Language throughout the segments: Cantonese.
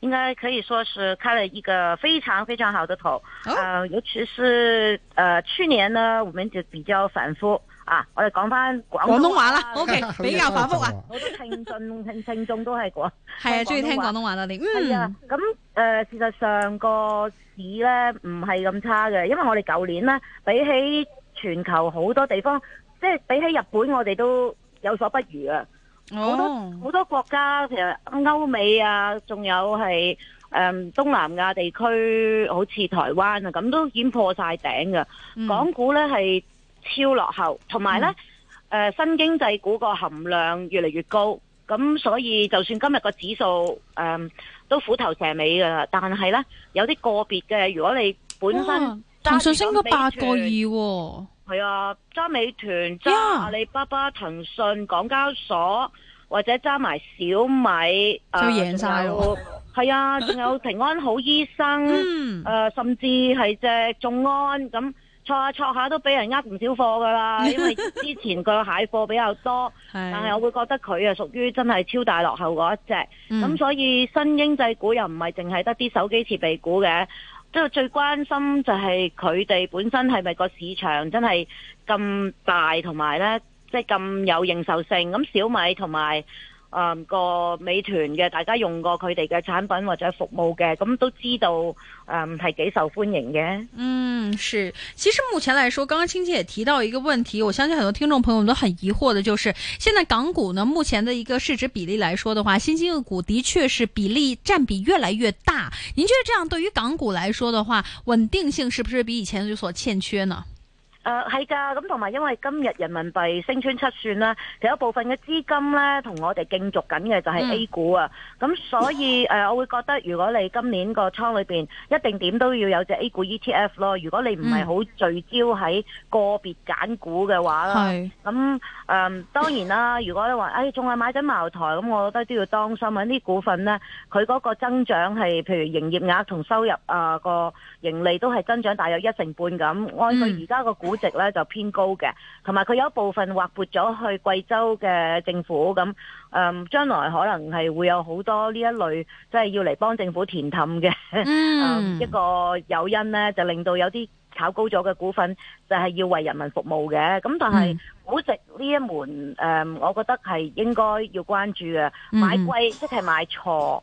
應該可以說是開了一個非常非常好的頭，啊、oh? 呃，尤其是，呃，去年呢，我們就比較反覆，啊，我哋講翻廣東話啦，OK，啊、比較反覆啊，好多聽眾聽聽眾都係廣，係啊，中意、啊、聽廣東話啦啲，係、嗯、啊，咁，誒、呃，事實上個市呢唔係咁差嘅，因為我哋舊年呢比起全球好多地方，即係比起日本我哋都有所不如啊。好多好多國家其實歐美啊，仲有係誒東南亞地區，好似台灣啊，咁都已經破晒頂噶。港股咧係超落後，同埋咧誒新經濟股個含量越嚟越高。咁所以就算今日個指數誒都虎頭蛇尾噶啦，但係咧有啲個別嘅，如果你本身騰訊升咗八個二。係啊，揸美團、揸阿里巴巴、騰訊、港交所，或者揸埋小米，都贏晒咯。係、呃、 啊，仲有平安好醫生，誒、 嗯呃，甚至係隻眾安咁，錯下錯下都俾人呃唔少貨噶啦。因為之前佢個蟹貨比較多， 但係我會覺得佢啊屬於真係超大落後嗰一隻。咁、 嗯、所以新經濟股又唔係淨係得啲手機設備股嘅。即係最關心就係佢哋本身係咪個市場真係咁大和呢，同埋呢即係咁有認受性。咁小米同埋。誒，個美團嘅大家用過佢哋嘅產品或者服務嘅，咁都知道誒，係幾受歡迎嘅。嗯，是，其實目前來說，剛剛青姐也提到一個問題，我相信很多聽眾朋友都很疑惑的就是現在港股呢，目前的一個市值比例來說的話，新興股的確是比例佔比越來越大。您覺得這樣對於港股來說的話，穩定性是不是比以前有所欠缺呢？誒係㗎，咁同埋因為今日人民幣升穿七算啦，其實一部分嘅資金咧同我哋競逐緊嘅就係 A 股啊，咁、嗯、所以誒、呃，我會覺得如果你今年個倉裏面一定點都要有隻 A 股 ETF 咯，如果你唔係好聚焦喺個別揀股嘅話啦，咁誒、嗯呃、當然啦，如果你話誒仲係買緊茅台，咁我覺得都要當心啊！啲股份呢，佢嗰個增長係譬如營業額同收入啊個、呃、盈利都係增長大約一成半咁，按佢而家個股，估值呢就偏高嘅，同埋佢有一部分劃撥咗去貴州嘅政府，咁誒將來可能係會有好多呢一類，即、就、係、是、要嚟幫政府填氹嘅、mm. 嗯，一個誘因呢就令到有啲炒高咗嘅股份就係、是、要為人民服務嘅，咁但係估值呢一門誒、嗯，我覺得係應該要關注嘅，買貴即係買錯。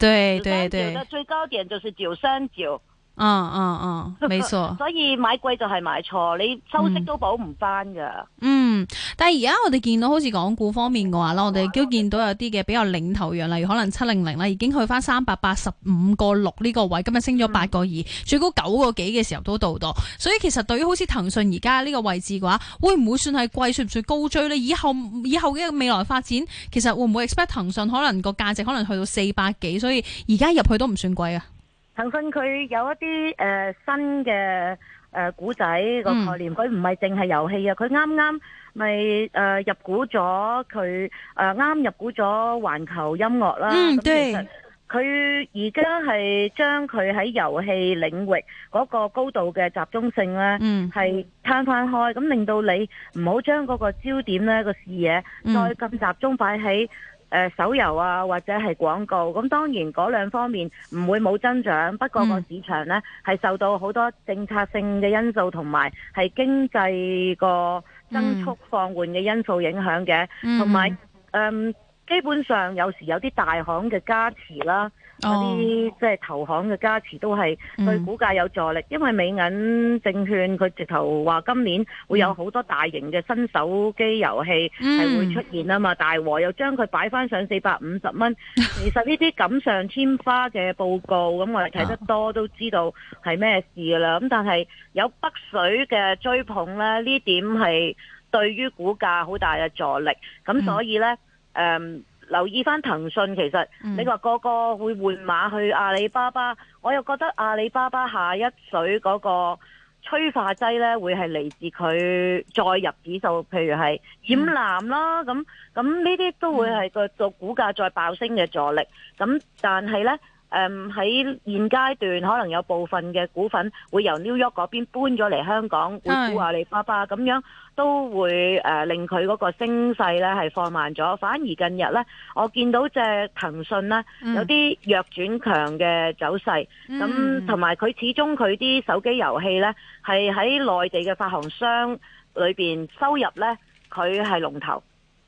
對對對，對對的最高點就是九三九。啊啊啊，冇、啊、錯， 所以買貴就係買錯，你收息都補唔翻噶。嗯，但係而家我哋見到好似港股方面嘅話啦，嗯、我哋都見到有啲嘅比較領頭羊，嗯、例如可能七零零啦，已經去翻三百八十五個六呢個位，今日升咗八個二，最高九個幾嘅時候都到咗。所以其實對於好似騰訊而家呢個位置嘅話，會唔會算係貴？算唔算高追呢？以後以後嘅未來發展，其實會唔會 expect 騰訊可能個價值可能去到四百幾？所以而家入去都唔算貴啊。騰訊佢有一啲誒新嘅誒故仔個概念，佢唔係淨係遊戲啊！佢啱啱咪誒入股咗佢，誒啱入股咗環球音樂啦。咁其實佢而家係將佢喺遊戲領域嗰個高度嘅集中性咧，係攤翻開，咁令到你唔好將嗰個焦點咧、個視野再咁集中擺喺，誒手遊啊，或者係廣告，咁當然嗰兩方面唔會冇增長，不過個市場咧係，嗯，受到好多政策性嘅因素同埋係經濟個增速放緩嘅因素影響嘅，同埋嗯，嗯基本上有時有啲大行嘅加持啦。嗰啲、oh, 即係投行嘅加持都係對股價有助力，嗯、因為美銀證券佢直頭話今年會有好多大型嘅新手機遊戲係會出現啊嘛，嗯、大和又將佢擺翻、上四百五十蚊。其 實呢啲錦上添花嘅報告，咁我哋睇得多都知道係咩事噶啦。咁、oh. 但係有北水嘅追捧咧，呢點係對於股價好大嘅助力。咁、嗯、所以咧，誒、嗯。留意翻騰訊，其實你話個個會換馬去阿里巴巴，我又覺得阿里巴巴下一水嗰個催化劑呢，會係嚟自佢再入指數，譬如係染藍啦，咁咁呢啲都會係個股價再爆升嘅助力。咁但係呢。誒喺、um, 現階段，可能有部分嘅股份會由 New York 嗰邊搬咗嚟香港，會沽阿里巴巴咁是樣，都會誒、呃、令佢嗰個升勢咧係放慢咗。反而近日咧，我見到隻騰訊咧有啲弱轉強嘅走勢，咁同埋佢始終佢啲手機遊戲咧係喺內地嘅發行商裏邊收入咧，佢係龍頭。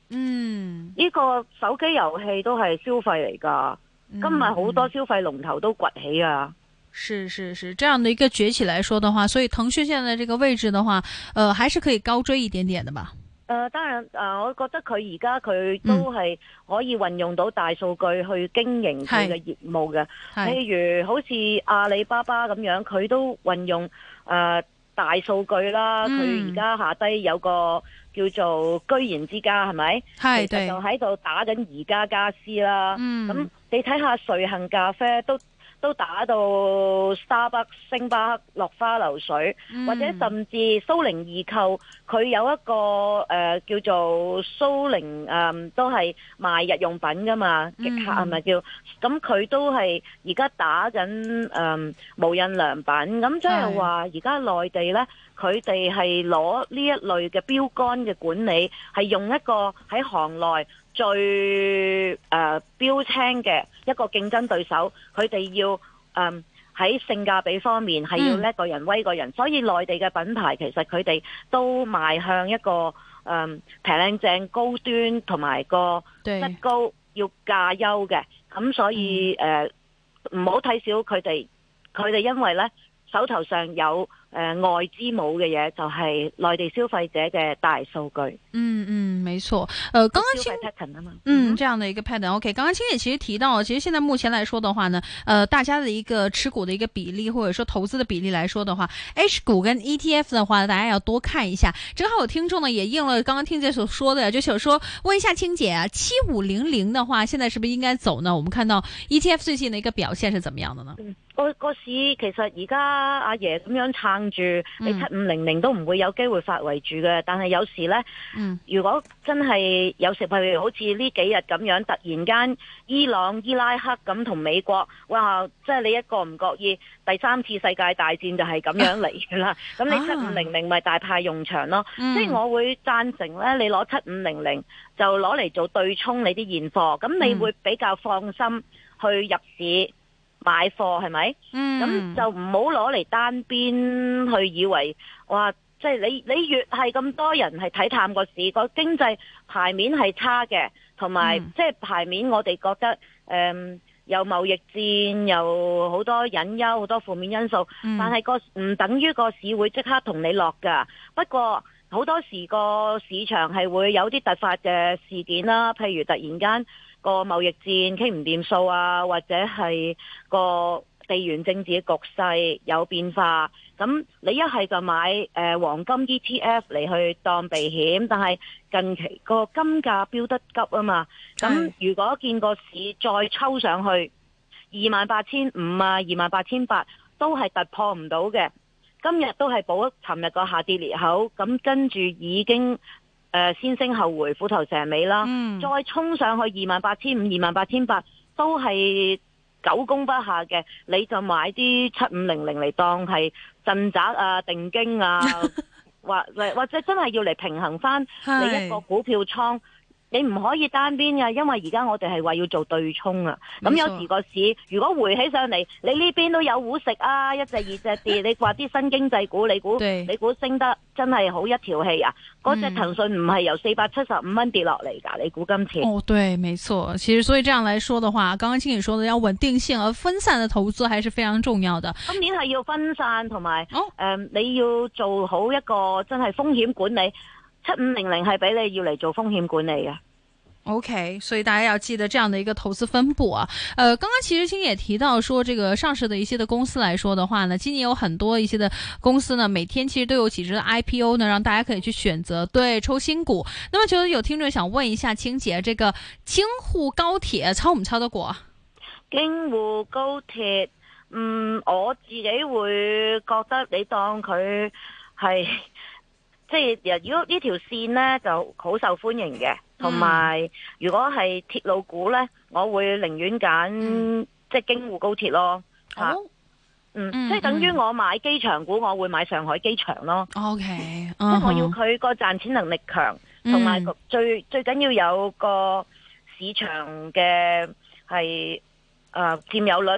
嗯，呢個手機遊戲都係消費嚟㗎。今日好多消費龍頭都崛起啊！嗯、是是是，這樣的一個崛起來說的話，所以騰訊現在這個位置的話，呃，還是可以高追一點點的吧？誒、呃，當然，誒、呃，我覺得佢而家佢都係可以運用到大數據去經營佢嘅業務嘅，是譬如好似阿里巴巴咁樣，佢都運用誒、呃、大數據啦，佢而家下低有個。叫做居然之家係咪？係對，就喺度打緊宜家家私啦。嗯，咁你睇下瑞幸咖啡都都打到 Starbucks、星巴克落花流水，嗯、或者甚至蘇寧易購，佢有一個誒、呃、叫做蘇寧，誒、嗯，都係賣日用品噶嘛？極客係咪叫？咁佢、嗯、都係而家打緊誒、嗯、無印良品。咁即係話而家內地呢。佢哋係攞呢一類嘅標杆嘅管理，係用一個喺行內最誒、呃、標青嘅一個競爭對手，佢哋要誒喺、呃、性價比方面係要叻過人威過人，嗯、所以內地嘅品牌其實佢哋都邁向一個誒平靚正高端同埋個質高要價優嘅，咁對所以誒唔好睇少佢哋，佢、呃、哋因為咧手頭上有。呃外資冇嘅嘢就係、是、內地消費者嘅大數據。嗯嗯，冇錯。呃剛剛 p 嗯，嗯這樣的一個 pattern。OK，剛剛青姐其實提到，其實現在目前來說的話呢，呃大家的一個持股的一個比例，或者說說投資的比例來說的話，H 股跟 ETF 的話，大家要多看一下。正好有聽眾呢，也應了剛剛聽姐所說的，就想說問一下青姐啊，七五零零的話，現在是不是應該走呢？我們看到 ETF 最近的一個表現是怎麼樣的呢？嗯、個個市其實而家阿爺咁樣撐住、嗯、你七五零零都唔會有機會發圍住嘅，但係有時呢，嗯、如果真係有時譬如好似呢幾日咁樣，突然間伊朗、伊拉克咁同美國，哇！即係你一個唔覺意，第三次世界大戰就係咁樣嚟啦。咁、啊、你七五零零咪大派用場咯。即係、嗯、我會贊成呢，你攞七五零零就攞嚟做對沖你啲現貨，咁你會比較放心去入市。買貨係咪？咁、嗯、就唔好攞嚟單邊去，以為哇！即、就、係、是、你你越係咁多人係睇淡個市，個經濟牌面係差嘅，同埋、嗯、即係牌面我哋覺得誒、嗯，有貿易戰，有好多隱憂，好多負面因素。嗯、但係個唔等於個市會即刻同你落噶。不過好多時個市場係會有啲突發嘅事件啦，譬如突然間。個貿易戰傾唔掂數啊，或者係個地緣政治嘅局勢有變化，咁你一係就買誒黃金 ETF 嚟，去當避險，但係近期個金價飆得急啊嘛，咁如果見個市再抽上去二萬八千五啊，二萬八千八都係突破唔到嘅，今日都係補尋日個下跌裂口，咁跟住已經。誒、呃，先升後回，虎頭蛇尾啦，嗯、再衝上去二萬八千五、二萬八千八，都係九攻不下嘅，你就買啲七五零零嚟，當係鎮宅啊、定驚啊， 或者或者真係要嚟平衡翻你一個股票倉。你唔可以單邊呀，因為而家我哋係話要做對沖啊。咁有時個市冇錯如果回起上嚟，你呢邊都有股食啊，一隻二隻跌。你掛啲新經濟股，你估你估升得真係好一條氣啊。嗰、嗯、隻騰訊唔係由四百七十五蚊跌落嚟㗎，你估今次？哦，對，沒錯。其實所以這樣來說的話，剛剛經理說的要穩定性，而分散的投資還是非常重要的。今年係要分散同埋，誒、哦呃，你要做好一個真係風險管理。七五零零係俾你要嚟做風險管理嘅，OK，所以大家要記得這樣的一個投資分布啊。呃剛剛其實青姐也提到說，這個上市的一些的公司來說的話呢，今年有很多一些的公司呢，每天其實都有幾隻 IPO 呢，讓大家可以去選擇對抽新股。那麼，覺得有聽眾想問一下青姐，這個京滬高鐵抄唔抄得過？京滬高鐵，嗯，我自己會覺得你當佢係。即係，如果呢條線呢就好受歡迎嘅，同埋如果係鐵路股呢我會寧願揀、嗯、即係京滬高鐵咯。Oh? 嗯，嗯即係等於我買機場股，我會買上海機場咯。O K，即係我要佢個賺錢能力強，同埋最、嗯、最緊要有個市場嘅係啊占有率。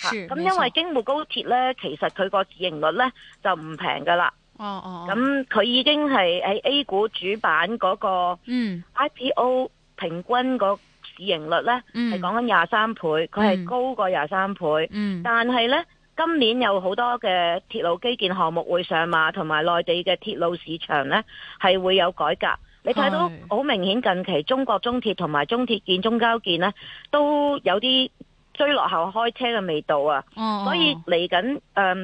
咁是、啊、因為京滬高鐵呢錯其實佢個市盈率呢就唔平噶啦。哦哦，咁、哦、佢、嗯、已經係喺 A 股主板嗰個 IPO 平均個市盈率呢，係講緊廿三倍，佢係、嗯、高過廿三倍。嗯、但係呢，今年有好多嘅鐵路基建項目會上馬，同埋內地嘅鐵路市場呢係會有改革。是你睇到好明顯，近期中國中鐵同埋中鐵建、中交建呢，都有啲追落後開車嘅味道啊！哦、所以嚟緊誒二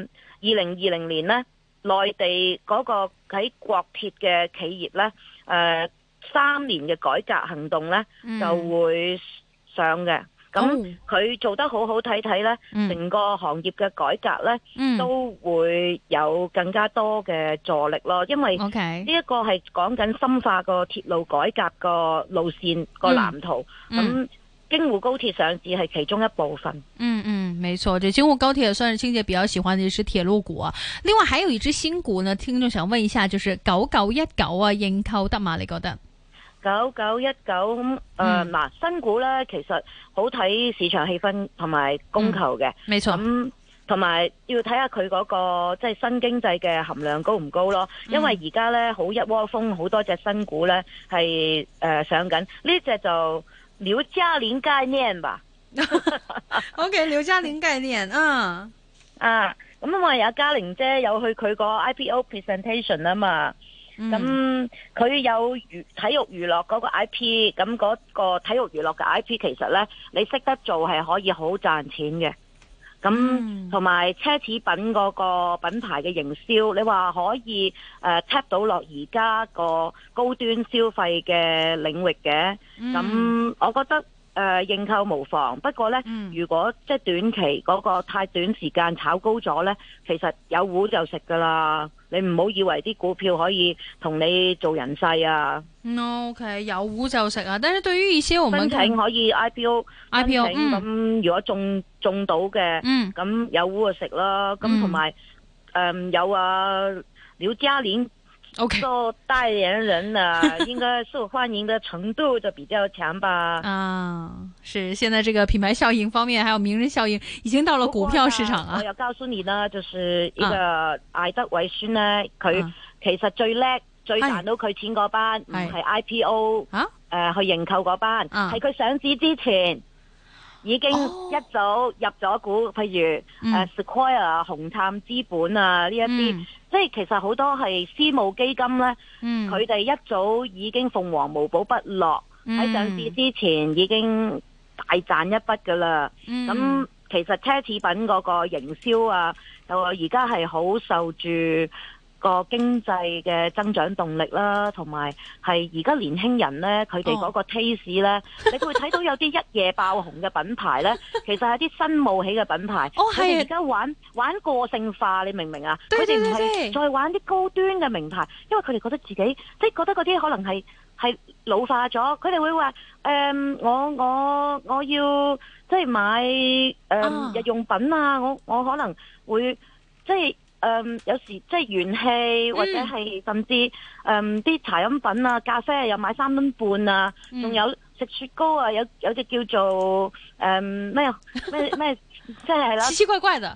零二零年呢。內地嗰個喺國鐵嘅企業呢，誒、呃、三年嘅改革行動呢，嗯、就會上嘅，咁佢、哦、做得好好睇睇呢，成、嗯、個行業嘅改革呢，嗯、都會有更加多嘅助力咯，因為呢一個係講緊深化個鐵路改革個路線個、嗯、藍圖咁。京滬高鐵上市係其中一部分。嗯嗯，沒錯，就京滬高鐵，也算是青姐比較喜歡嘅一隻鐵路股，啊。另外，還有一支新股呢，聽眾想問一下，就是九九一九啊，認購得嘛？你覺得九九一九？誒、呃，嗱、嗯啊，新股呢，其實好睇市場氣氛同埋供求嘅，嗯，沒錯。咁同埋要睇下佢嗰、嗰個即係新經濟嘅含量高唔高咯。嗯、因為而家呢，好一窩蜂，好多隻新股呢係誒、呃、上緊，呢隻就。廖嘉玲概念吧 ，OK，劉嘉玲概念，嗯啊，咁因為有嘉玲姐有去佢個 IPO presentation 啊嘛，咁佢、嗯、有娛體育娛樂嗰個 I P，咁嗰個體育娛樂嘅 I P，其實咧你識得做係可以好賺錢嘅。咁同埋奢侈品嗰個品牌嘅營銷，你話可以誒 tap、呃、到落而家個高端消費嘅領域嘅，咁、嗯、我覺得。誒、呃，認購無妨。不過咧，如果即係短期嗰個太短時間炒高咗咧，其實有糊就食噶啦。你唔好以為啲股票可以同你做人世啊。OK，有糊就食啊。但係對於 IPO 唔係，申請可以 IPO，IPO 咁如果中中到嘅，咁有糊就食啦。咁同埋誒有啊，料嘉年。OK， 做代言人的、啊、應該受歡迎的程度就比較強吧。啊、 嗯，是現在這個品牌效應方面還有名人效應，已經到了股票市場啊。我要告訴你呢，就是一個艾德偉遜呢，佢、嗯、其實最叻、最賺到佢錢嗰班，唔係 IPO 啊，誒、呃、去認購嗰班，係佢、嗯、上市之前。已經一早入咗股，譬如 Square 啊、嗯、紅杉資本啊呢一啲，嗯、即係其實好多係私募基金咧，佢哋、嗯、一早已經鳳凰無寶不落，喺上市之前已經大賺一筆噶啦。咁、嗯、其實奢侈品嗰個營銷啊，又話而家係好受住。個經濟嘅增長動力啦，同埋係而家年輕人呢，佢哋嗰個 taste 呢，哦、 你會睇到有啲一夜爆紅嘅品牌呢。其實係啲新冒起嘅品牌，佢哋而家玩玩個性化，你明唔明啊？佢哋唔係再玩啲高端嘅名牌，因為佢哋覺得自己即係覺得嗰啲可能係係老化咗，佢哋會話誒、嗯，我我我要即係買誒、嗯、日用品啊，我我可能會即係。嗯，有時即係元氣，或者係甚至誒啲、嗯、茶飲品啊、咖啡啊，又買三蚊半啊，仲有食、嗯、雪糕啊，有有隻叫做誒咩咩咩，即、嗯、係、 即係、啦奇奇怪怪、啊，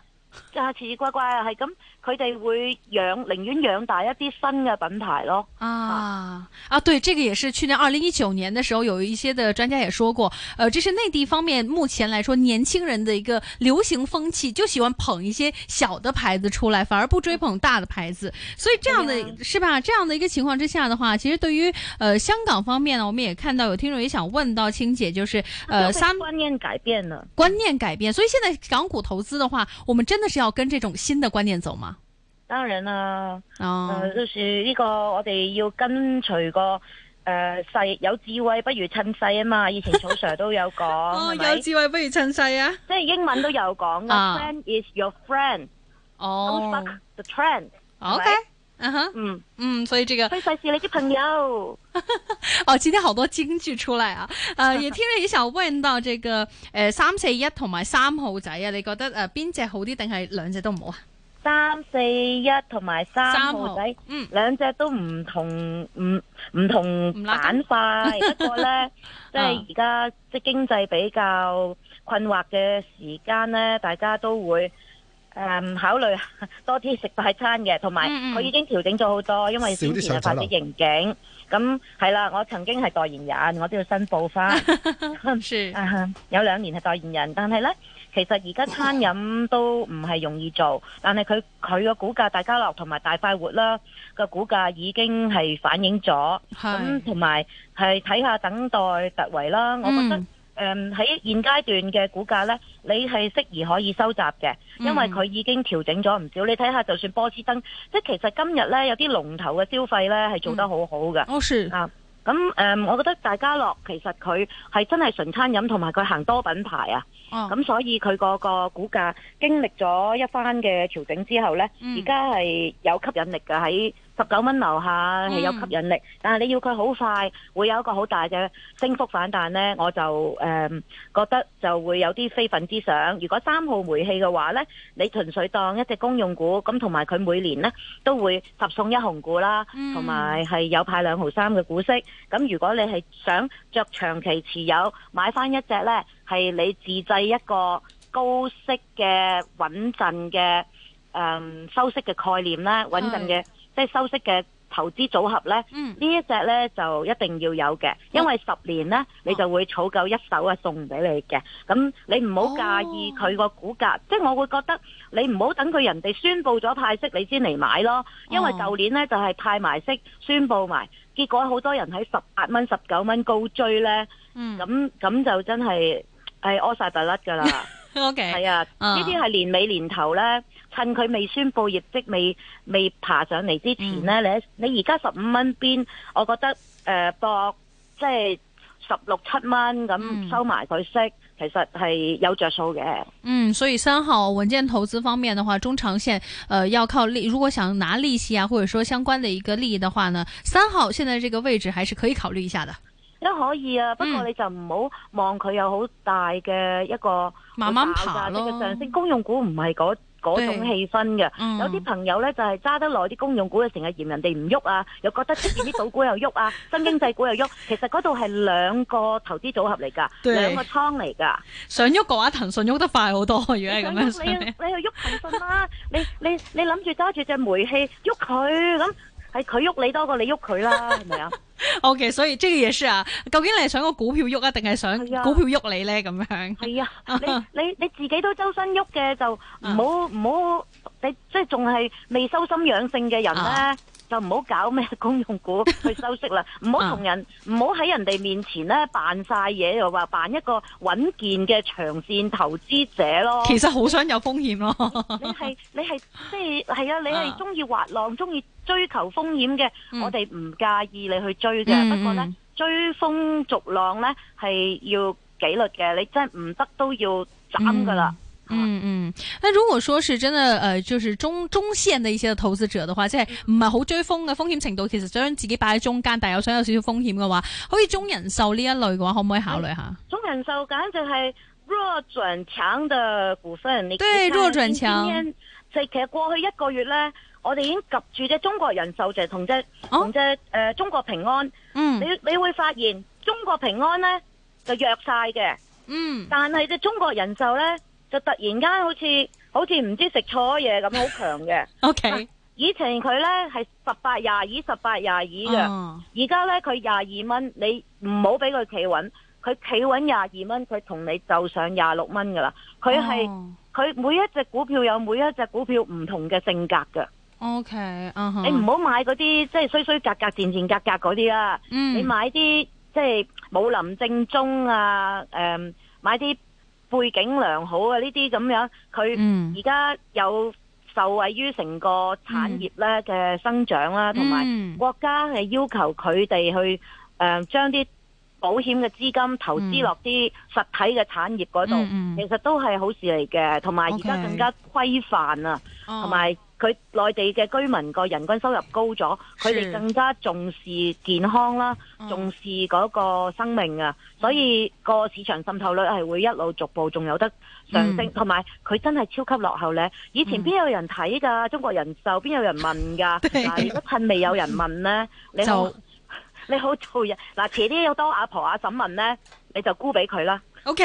奇奇怪怪嘅，啊奇奇怪怪啊，係咁。佢哋會養，寧願養大一啲新的品牌咯。啊啊，對，這個也是去年二零一九年的時候，有一些的專家也說過，呃，這是內地方面目前來說年輕人的一個流行風氣，就喜歡捧一些小的牌子出來，反而不追捧大的牌子。嗯、所以這樣的、嗯、是吧？這樣的一個情況之下的話，其實對於呃香港方面呢，我們也看到有聽眾也想問到青姐，就是呃、嗯、三觀念改變了，觀念改變，所以現在港股投資的話，我們真的是要跟這種新的觀念走嗎？當然啦，誒，到時呢個我哋要跟隨個誒勢，有智慧不如趁勢啊嘛。以前曹 sir 都有講，哦，有智慧不如趁勢啊。即係英文都有講啊 friend is your friend。哦，the trend。O K，嗯嗯嗯，所以這個 friend 是你的朋友。哦，今天好多金句出來啊！誒，也聽着，也想問到這個誒，三四一同埋三號仔啊，你覺得誒邊隻好啲，定係兩隻都唔好啊？三四一同埋三號仔，兩隻、嗯、都唔同，唔唔同板塊。不，辣 不過呢，就是現在，嗯、即係而家即係經濟比較困惑嘅時間呢，大家都會誒、嗯、考慮多啲食快餐嘅，同埋我已經調整咗好多，嗯、因為之前係發展刑警，咁係啦，我曾經係代言人，我都要申報翻。 有兩年係代言人，但係呢。其實而家餐飲都唔係容易做，但係佢佢個股價，大家樂同埋大快活啦個股價已經係反映咗，咁同埋係睇下等待突圍啦。嗯、我覺得誒喺、呃、現階段嘅股價呢，你係適宜可以收集嘅，因為佢已經調整咗唔少。你睇下就算波司登，即係其實今日呢，有啲龍頭嘅消費呢，係做得好好噶，嗯哦、啊。咁誒、嗯，我覺得大家樂其實佢係真係純餐飲，同埋佢行多品牌啊。咁、oh. 嗯、所以佢個個股價經歷咗一番嘅調整之後呢，而家係有吸引力嘅喺。十九蚊樓下係有吸引力，mm. 但係你要佢好快會有一個好大嘅升幅反彈呢。我就誒、嗯、覺得就會有啲非分之想。如果三號煤氣嘅話呢，你純粹當一隻公用股，咁同埋佢每年呢都會十送一紅股啦，同埋係有派兩毫三嘅股息。咁如果你係想着長期持有，買翻一隻呢，係你自製一個高息嘅穩陣嘅誒收息嘅概念啦，穩陣嘅。即係收息嘅投資組合呢，呢、嗯、一隻呢就一定要有嘅，嗯、因為十年呢、哦、你就會儲夠一手啊送俾你嘅。咁你唔好介意佢個股價，哦、即係我會覺得你唔好等佢人哋宣布咗派息你先嚟買咯，因為舊年呢就係、是、派埋息宣布埋，結果好多人喺十八蚊、十九蚊高追呢。咁咁、嗯、就真係係屙晒大甩噶啦。O K，係啊，呢啲係年尾年頭呢。趁佢未宣布業績未未爬上嚟之前呢，嗯、你你而家十五蚊邊，我覺得誒博、呃、即係十六七蚊咁收埋佢息，嗯、其實係有着數嘅。嗯，所以三號穩健投資方面的話，中長線誒、呃、要靠利，如果想拿利息啊，或者說相關的一個利益的話呢，三號現在這個位置還是可以考慮一下的。都可以啊，不過你就唔好望佢有好大嘅一個大大慢慢爬咯，上升公用股唔係嗰嗰種氣氛嘅，嗯、有啲朋友咧就係揸得耐啲公用股，成日嫌人哋唔喐啊，又覺得出邊啲賭股又喐啊， 新經濟股又喐，其實嗰度係兩個投資組合嚟噶，對兩個倉嚟噶。想喐嘅話，騰訊喐得快好多，如果係咁樣。你你去喐騰訊啦， 你你你諗住揸住隻煤氣喐佢咁。係佢喐你多過你喐佢啦，係咪啊？OK，所以即係嘢書啊，究竟你係想個股票喐啊，定係想股票喐你咧？咁樣係啊， 你你你自己都周身喐嘅，就唔好唔好，你即係仲係未修心養性嘅人咧。啊就唔好搞咩公用股去收息啦，唔好同人唔好喺人哋面前咧扮晒嘢，又話扮一個穩健嘅長線投資者咯。其實好想有風險咯。 你係你係即係係啊！你係中意滑浪、中意追求風險嘅，嗯、我哋唔介意你去追嘅。嗯嗯，不過咧，追風逐浪咧係要紀律嘅，你真係唔得都要斬噶啦。嗯嗯嗯，那、嗯、如果說是真的，誒、呃，就是中中線的一些投資者的話，即係唔係好追風嘅風險程度，其實將自己擺喺中間，但係又想有少少風險嘅話，可以中人壽呢一類嘅話，可唔可以考慮下？中人壽簡直係弱轉強的股份，對你對弱轉強，就其實過去一個月呢我哋已經及住隻中國人壽就同隻同隻誒中國平安，嗯，你你會發現中國平安呢就弱晒嘅，嗯，但係隻中國人壽呢就突然間好似好似唔知食錯嘢咁好強嘅。 o Okay . K，以前佢呢係十八廿二十八廿二嘅，而家呢佢廿二蚊，你唔好俾佢企穩，佢企穩廿二蚊，佢同你就上廿六蚊噶啦。佢係佢每一隻股票有每一隻股票唔同嘅性格㗎。O、okay. K，、uh huh. 你唔好買嗰啲即係衰衰格格賤賤格格嗰啲啦。Mm. 你買啲即係武林正宗啊，誒、嗯，買啲。背景良好啊，呢啲咁樣，佢而家有受惠於成個產業咧嘅增長啦，同埋、嗯嗯、國家係要求佢哋去誒、呃、將啲保險嘅資金投資落啲實體嘅產業嗰度，嗯嗯嗯、其實都係好事嚟嘅，同埋而家更加規範啊，同埋。佢內地嘅居民個人均收入高咗，佢哋、嗯、更加重視健康啦，嗯、重視嗰個生命啊，所以個市場滲透率係會一路逐步仲有得上升，同埋佢真係超級落後呢，以前邊有人睇㗎？嗯、中國人壽邊有人問㗎、 啊？如果趁未有人問呢， 你好就你好做人。嗱遲啲有多阿婆阿嬸問呢，你就估俾佢啦。OK，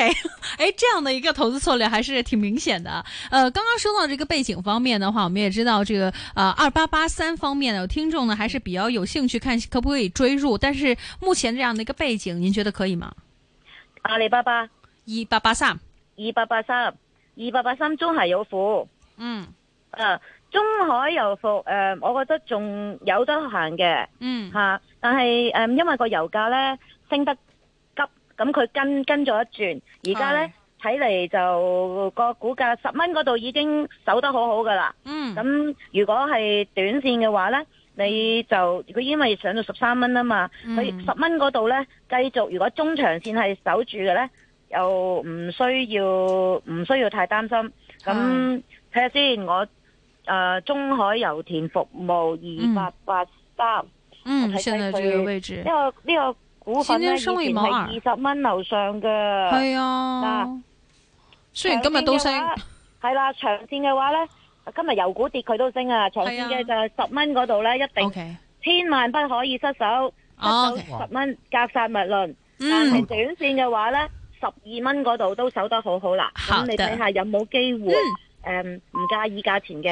哎，這樣的一個投資策略還是挺明顯的。呃，剛剛說到這個背景方面的話，我們也知道這個呃二八八三方面呢，聽眾呢還是比較有興趣看可不可以追入，但是目前這樣的一個背景，您覺得可以嗎？阿里巴巴，二八八三，二八八三，二八八三中海油服，嗯，呃、啊，中海油服，誒、呃，我覺得仲有得行嘅，嗯，吓、啊，但係誒、呃，因為個油價咧升得。咁佢跟跟咗一轉，而家呢睇嚟是就、那個股價十蚊嗰度已經守得好好噶啦。咁、嗯、如果係短線嘅話呢，你就佢因為上到十三蚊啊嘛，佢十蚊嗰度呢繼續，如果中長線係守住嘅呢，又唔需要唔需要太擔心。咁睇下先，嗯、看看我誒、呃、中海油田服務二八八三。嗯，我看看現在這個位置。呢個呢個。這個股份咧，以前係二十蚊樓上嘅，係啊。嗱，雖然今日都升，係啦。長線嘅話咧，今日油股跌，佢都升啊。長線嘅就係十蚊嗰度咧，一定千萬不可以失手，失手十蚊格殺勿論。但係短線嘅話咧，十二蚊嗰度都守得好好啦。咁你睇下有冇機會？誒，唔介意價錢嘅。